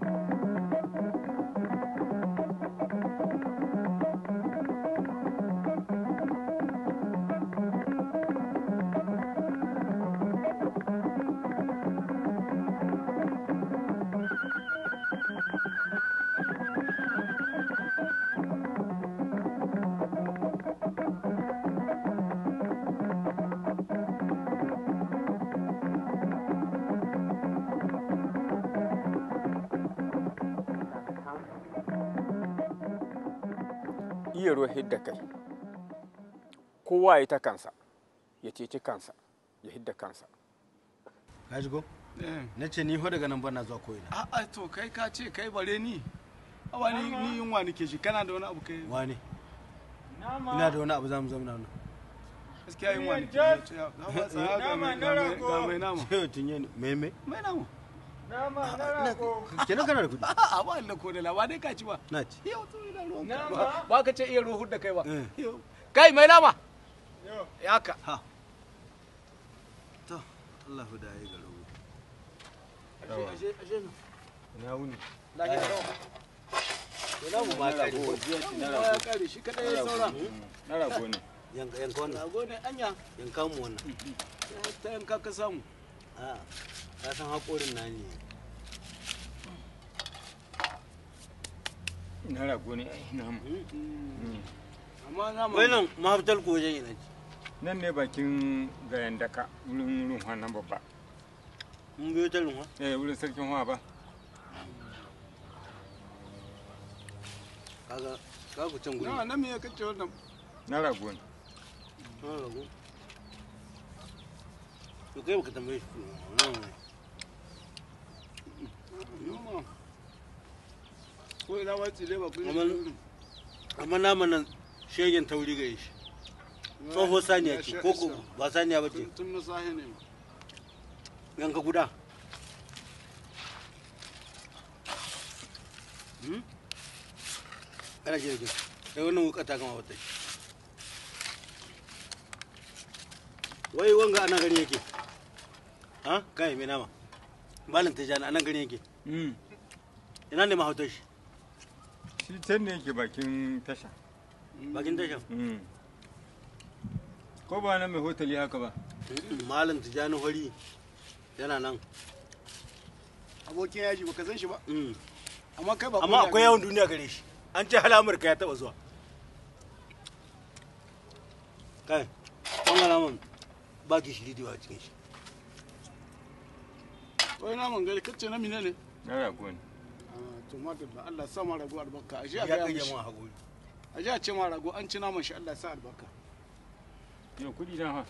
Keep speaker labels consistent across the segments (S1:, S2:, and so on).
S1: Thank you. ruwa hidda kai kowa ya ta kansa ya ceci kansa ya hidda kansa Najigo, eh. na ce ni ho daga nan bana zuwa koyina a to kai ka ce kai bare ni awa ni yin wani ke shi kana da wani abu kai wani ina da wani abu zamu zauna wani gaskiya yin wani ke shi ya ba tsaya ga mai nama mai mai mai nama Nama na ko Kenan kana da kuɗi. A ba Allah ko da lawa dai ka ci ba. Na ci. Yau to ina ruwan. Nama. Ba ka ce iya da kai ba. Eh. Kai mai nama. Ya ka. Ha. To Allah garo. wuni. Eh. Ina mu ka ko na shi kada ya saura. Na ne. Yanka yanka wannan. ne anya. Yanka mu wannan. Ta yanka ka samu. Ah, ka san haƙorin na ne na rago ne na mm. amma na ma wannan mafitar koje ina nan ne bakin gayan daka wurin ruwa nan babba mun biyo ta ruwa eh wurin sarkin ruwa ba kaga ka can guri na me kake wannan na rago ne na rago to kai que también es noma No, ina wace saniya ko ko ba saniya ba ce guda shi hmm? sai wannan wata wai wanga ana yake ha kai mai nama malam tijani anan gari yake hmm. ina ne mahautar shi shi can ne yake bakin tasha bakin tasha hmm. ko ba nan mai hotali haka ba hmm, malam tijani hori yana nan abokin yaji baka san shi ba amma kai ba amma akwai yawan duniya gare shi an ce hal amurka ya taba zuwa kai an gana mun ba ki shiri da cikin shi wai naman gari kacce na mine ne na rago ne ah, to madalla Allah sa ma rago albarka a ji a ga ma hago a ji a ce ma rago an ci naman shi Allah sa albarka yau kudi na ha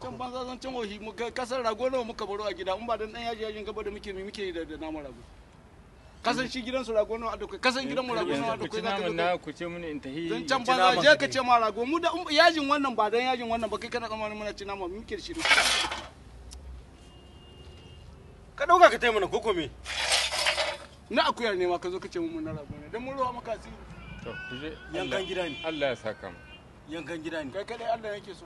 S1: can banza zan can wahi muka kasar rago nawa muka baro a gida in ba dan dan yaji yajin gaba da muke mi muke da naman rago kasan shi gidan su rago nawa adokai kasan gidan mu eh, rago nawa adokai zaka na ku ce mun in tahi zan can banza je ka ce ma rago mu da yajin wannan ba dan yajin wannan ba kai kana tsammanin muna ci nama mi muke da ka dauka ka taimana koko me na akuya ne ma ka zo ka ce mun na rago ne dan mun ruwa maka asiri to kuje yankan gida ne Allah ya saka mu yankan gida ne kai kai Allah yake so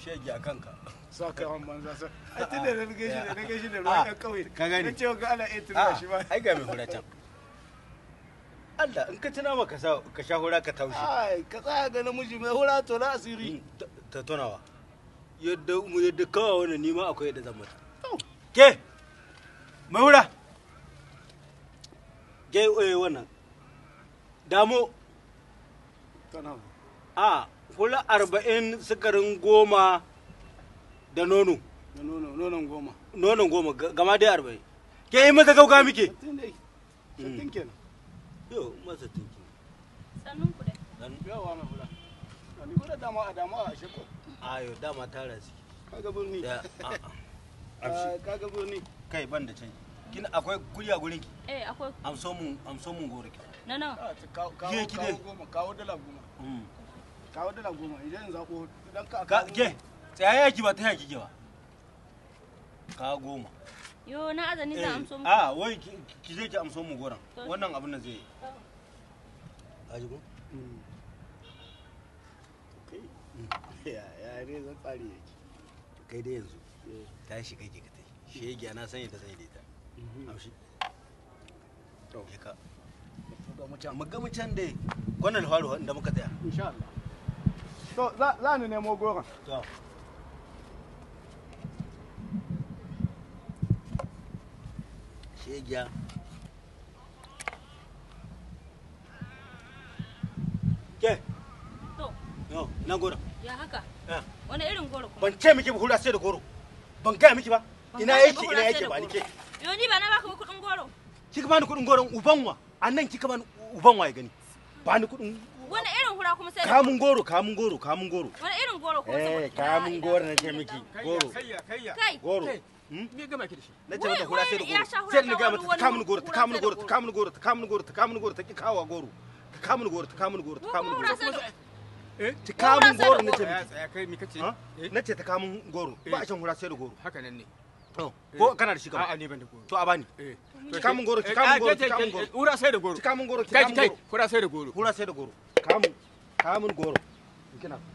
S1: shege a kanka sa wan banza sa ai shi da shi da ruwa kan ah, kauye ka gani nace ga Allah ya tura shi ba ah, ai ga mai hura Allah in ka tuna maka ka sha hura ka taushi ai ka tsaya ga namiji mai hura mm, to na asiri ta yadda mu yadda kawai wannan nima akwai yadda zan mata ke mai wura ke oye eh, wannan damo a hula arba'in sukarin goma da nono nonon goma nonon goma gama dai arba'in ke yi masa gauga muke hmm. yo masa tinki sannan ku dai yawa mai hula a dama a Ayo dama tara Kaga birni. Ah, Kaga birni. Kai ban da Kin akwai a gurin ki? Eh akwai. mun mun gore ki. Na na. Ah, kawo kawo goma kawo dala goma. Mm. Kawo dala goma idan zako idan ka ka ke tsaya yaki ba ta yaki ba. Kawo goma. Yo na azani za eh, amso mu. Ah wai ki je ki amso mu goran. Wannan abin da zai yi. Oh. ya zan tsari yake kai dai yanzu eh. ka tai shege na san yadda zai daita mhm. haushi mucan da kwanan muka tsaya na goro ya haka eh. wani irin goro kuma ban ce miki ba hura sai da goro ban gaya miki ba ina yake ina yake ba nike. yo ni ba na baka ba kudin goro kika bani kudin goron ubanwa annan kika bani ubanwa ya gani bani kudin wani irin hura kuma sai kamun goro kamun goro kamun goro wani irin goro kuma sai eh kamun goro na ce miki goro kai goro hmm? me ga ki da shi na ce mata hura sai da goro sai ni ga mata kamun goro kamun goro kamun goro kamun goro kamun goro ta ki kawo goro kamun goro kamun goro kamun goro Eh, ta kamun goro na ce eh. na ce ta kamun goro eh. ba a can hura sai da goro haka nan ne oh, ko kana da shi kama a'a ne ban da goro to a bani ki kamun goro ki kamun ah, goro ki kamun goro hura sai da goro ki kamun goro ki kamun goro hura sai da goro hura sai da goro kamun kamun goro kina